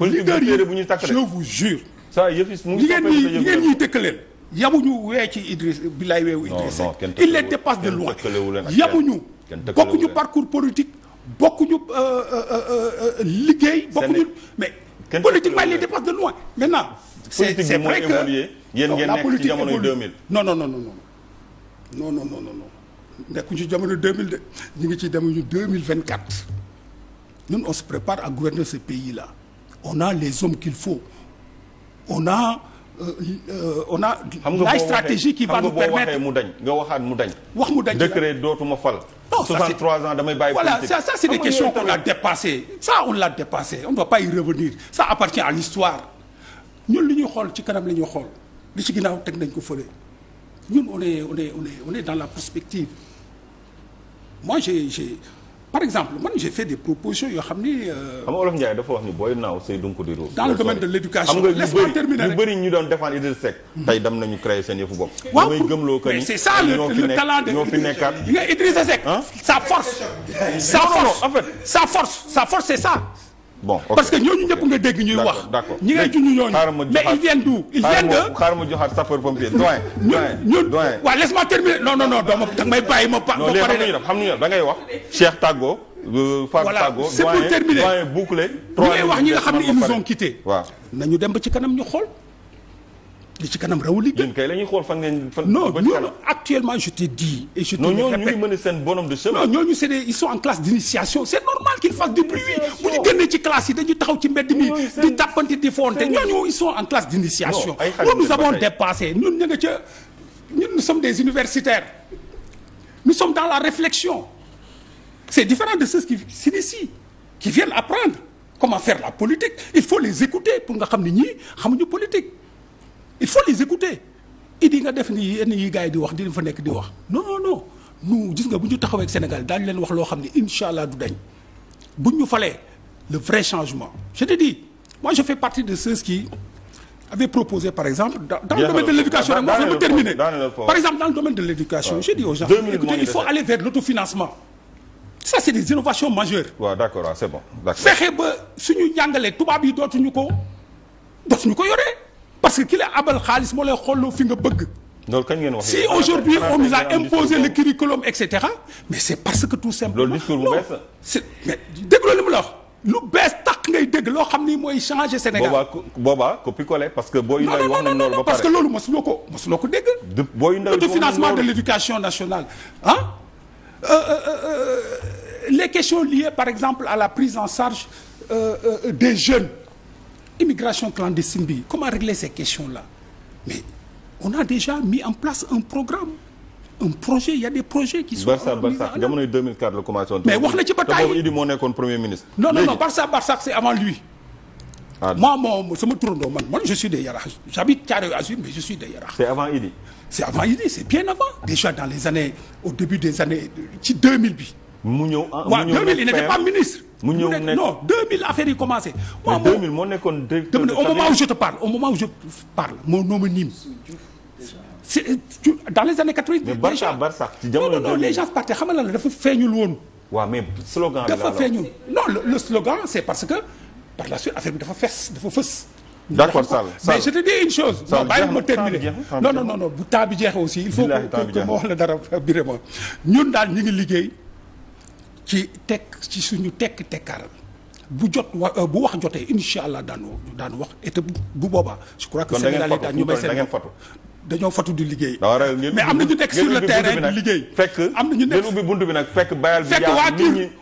politique de téere bu ñuy takk je vous jure. saa yëf yi mu ngi jigéen wee ci Idriss bilaay weewu Idriss il les dépasse de loin yamuñu bokkuñu parcours politique bokkuñu euh, euh, euh, liggéey bokkuñu mais politiquement il les dépasse de loin maintenant c'est c'est vrai que yéen ngeen nekk ci jamono 2000 non non non non non non non non non nekkuñu ci jamono 2000 de ñu ngi ci demuñu 2024 ñun on se prépare à gouverner ce pays là on a les hommes qu'il faut on a euh, euh on a la stratégie qui va nous permettre xam nga mu dañ nga waxaat mu dañ. wax mu dañ décret dootuma fal. non ça 63 ans damay bàyyi. voilà ça ça c'est des questions qu'on a dépassées ça on l'a dépassé on ne va pas y revenir ça appartient à l'histoire ñun li ñuy xool ci kanam la ñuy xool li ci ginnaaw teg nañ ko fële ñun on est on dans la perspective moi j'ai j'ai par exemple man j'ai fait des propositions yoo xam ni. Euh, xam Olof Ndiaye dafa wax ni booy naaw say dunku di ruur. dans le domaine de l'éducation xam nga ñu bëri ñu doon défendre Idrissa Seck. Hmm. tey dem nañu créer seen yëfu bopp. waaw pour gëmloo que ni c'est ça le talent de ñoo fi nekkaat. sa force. sa force sa force c'est ça. bon parce que ñooñu ñëpp nga dégg ñuy wax. ñi ngay junj ñooñu. mais ils viennent d'où ils viennent de. xaaral ma joxaat sapeur pompier doyen. doyen ñun waaw laisse ma terminer non non non dama da may bàyyi ma. pa ma pare de non xam ñu da ngay wax. Cheikh Tago. Euh, Fatou Tago doyen doyen bouclé. trois wax ñi nga xam ne ils nous ont quitté. waaw nañu dem ba ci kanam ñu xool. li ci kanam rawu li gën. kay la ñuy xool fan ngeen fan. non ñooñu actuellement je te dis. et je te non ñooñu ñu ngi mën seen bonhomme de chemin. non ñooñu c'est des ils sont en classe d'initiation c'est normal qu'ils fassent du bruit bu ñu génnee ci classe yi dañu taxaw ci mbedd mi di tàppante di fonte ñooñu ils sont en classe d'initiation. non nous avons dépassé ñun ñu nga ca ñun nous sommes des universitaires nous sommes dans la réflexion c'est différent de ceux qui s'initient qui viennent apprendre comment faire la politique il faut les écouter pour nga xam ne ñii xamuñu politique. il faut les écouter it yi nga def ni yenn yi gars yi di wax di fa nekk di wax non non non nous gis nga bu ñu taxawee Sénégal daal leen wax loo xam ne incha allah du dañ bu ñu falee le vrai changement je te dis moi je fais partie de ceux qui avaient proposé par exemple. dans, le domaine de l'éducation rek wax la mu terminer par exemple dans le domaine de l'éducation ah. j'ai dit aux gens écoutez il faut aller vers l'autofinancement ça c'est des innovations majeures. waaw ouais, d'accord c'est bon d'accord. fexe ba suñu njàngale tubaab yi dootuñu ko dootuñu ko yore. parce que ki la abal xaalis moo lay xolloo fi nga bëgg. loolu kañ ngeen wax si aujourd'hui on nous a imposé le curriculum et mais c'est parce que tout simplement. loolu discours bu bees la si mais ngay dégg loo xam ni mooy changer Sénégal. boobaa ko boobaa parce que. booy ndaw wax na noor ba pare parce que loolu mosuloo ko mosuloo ko dégg. de booy ndaw financement de l'éducation nationale ah. les questions liées par exemple à la prise en charge des jeunes. immigration clandestine bi comment régler ces questions là mais on a déjà mis en place un programme un projet il y a des projets qui sont Barça Barça jamonoy 2004 mais wax na ci ba tey Idi premier ministre non non non Barça Barça c'est avant lui ah. moi moom sama turandoo man man je suis des Yaraax j'habite Thiaroye Azur mais je suis des Yaraax. c'est avant Idi. c'est bien avant déjà dans les années au début des années ci 2000 bi. mu ñëw ah, waaw 2000 il n'était pas ministre. mu ñëw nekk non 2000 affaires yi commencé. moo nekkoon directeur de au moment où je te parle au moment où je parle mon homonyme. c'est dans les années 80. mais Barça Barça ci jamono non non les xam nga lan dafa feeñul woon. waaw mais slogan bi dafa feeñul non le slogan c'est parce que par la suite affaire bi dafa fes dafa fës. d'accord Sall mais je te dis une chose. Sall bàyyi ma terminer non non non bu temps bi jeexee aussi. il faut que ma la dara Birama ñun daal ñu ngi liggéey. ci tekk ci suñu tekk tekkaaral bu jot wa euh, bu wax jotee incha allah daanu daanu wax et bu boobaa. je crois que Sénégal yi daan ñu may seen bopp dañoo fatu di liggéey. mais am na ñu nekk sur le terrain di liggéey. fekk am na ñu nekk ngeen ubbi buntu bi nag fekk bayal bi. fekk waa tur